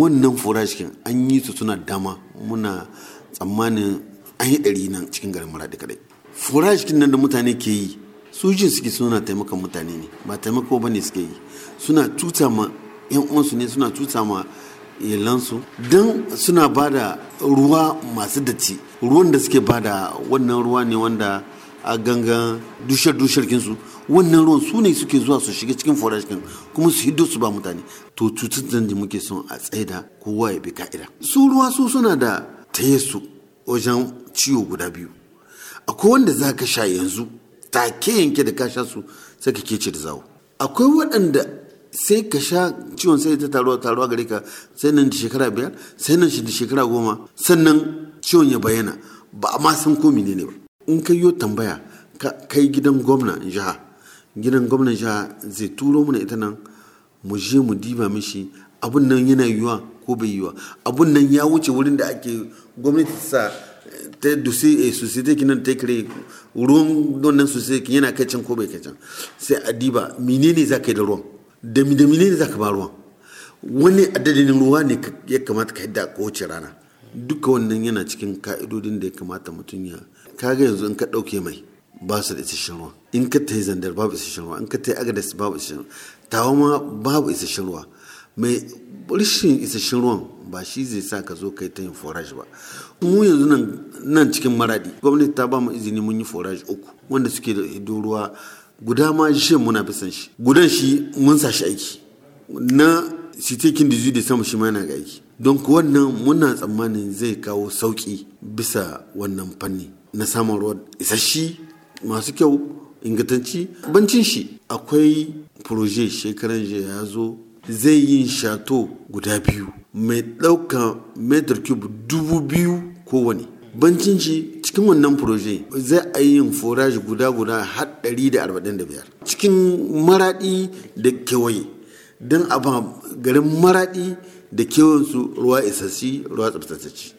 wannan forage an yi su suna dama muna tsammanin an yi ɗari nan cikin garin maraɗi kadai forage nan da mutane ke yi su jin suke suna taimakon mutane ne ba taimako ba ne suke yi suna tuta ma yan uwansu ne suna tuta ma yalansu don suna ba da ruwa masu datti ruwan da suke ba da wannan ruwa ne wanda a gangan dushar dushar kinsu wannan ruwan su ne suke zuwa su shiga cikin forage kuma su hiddo su ba mutane to cutar da muke son a tsaida kowa ya bi ka'ida su ruwa su suna da taye su wajen ciwo guda biyu akwai wanda za ka sha yanzu take yanke da ka sha su sai ka kece da zawo akwai waɗanda sai ka sha ciwon sai ta taruwa taruwa gare ka sai nan da shekara biyar sai nan da shekara goma sannan ciwon ya bayyana ba a ma san ko menene ba in ka yi tambaya kai gidan gwamna jiha gidan gwamnan jiha zai turo mana ita nan mu je mu diba mishi abun nan yana yiwuwa ko bai yiwuwa abun nan ya wuce wurin da ake gwamnati sa ta dusi eh, society kinan ta kire ruwan don nan society yana kai can ko bai kai can sai a diba menene za ka yi da ruwan da menene za ka ba ruwan wani adadin ruwa ne ya kamata ka yadda wace rana duka wannan yana cikin ka'idodin da ya kamata mutum ya kaga yanzu in ka ɗauke mai ba su da isasshen ruwa in ka ta yi zandar babu isasshen ruwa in ka ta yi agadas babu isasshen ruwa tawa babu isasshen ruwa mai rashin isasshen ruwan ba shi zai sa ka zo ka yi ta yin forage ba mu yanzu nan cikin maradi gwamnati ta ba mu izini mun yi forage uku wanda suke da ido ruwa guda ma shi muna bisan shi gudan shi mun sa shi aiki na sitekin da da sama shi ma yana ga aiki don wannan muna tsammanin zai kawo sauki bisa wannan fanni na samun ruwa isasshe masu kyau ingantanci bancin shi akwai proje shekaran ya zo zai yi shato guda biyu mai ɗauka metar cube dubu biyu kowane bancin shi cikin wannan proje zai a yin forage guda guda har biyar. cikin maraɗi da kewaye don a ba garin maraɗi da kewansu ruwa isassi ruwa tsabtatacce